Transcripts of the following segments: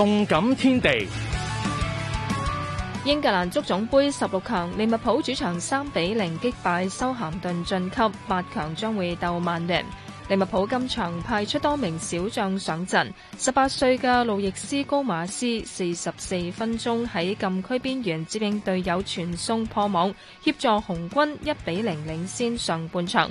動感天地，英格蘭足總盃十六強，利物浦主場三比零擊敗修咸頓晉級八強，將會鬥曼聯。利物浦今場派出多名小將上陣，十八歲嘅路易斯高馬斯四十四分鐘喺禁區邊緣接應隊友傳送破網，協助紅軍一比零領先上半場。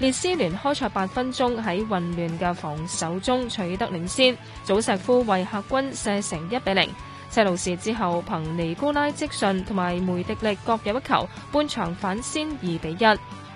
列斯聯開賽八分鐘喺混亂嘅防守中取得領先，祖石夫為客軍射成一比零。車路士之後憑尼古拉積信同埋梅迪力各有一球，半場反先二比一。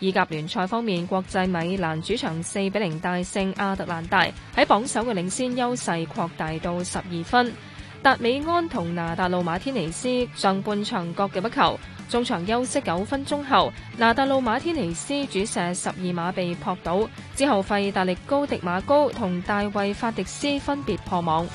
意甲聯賽方面，國際米蘭主場四比零大勝亞特蘭大，喺榜首嘅領先優勢擴大到十二分。達美安同拿達路馬天尼斯上半場各入一球，中場休息九分鐘後，拿達路馬天尼斯主射十二碼被撲倒，之後費達力高迪馬高同大衛法迪斯分別破網。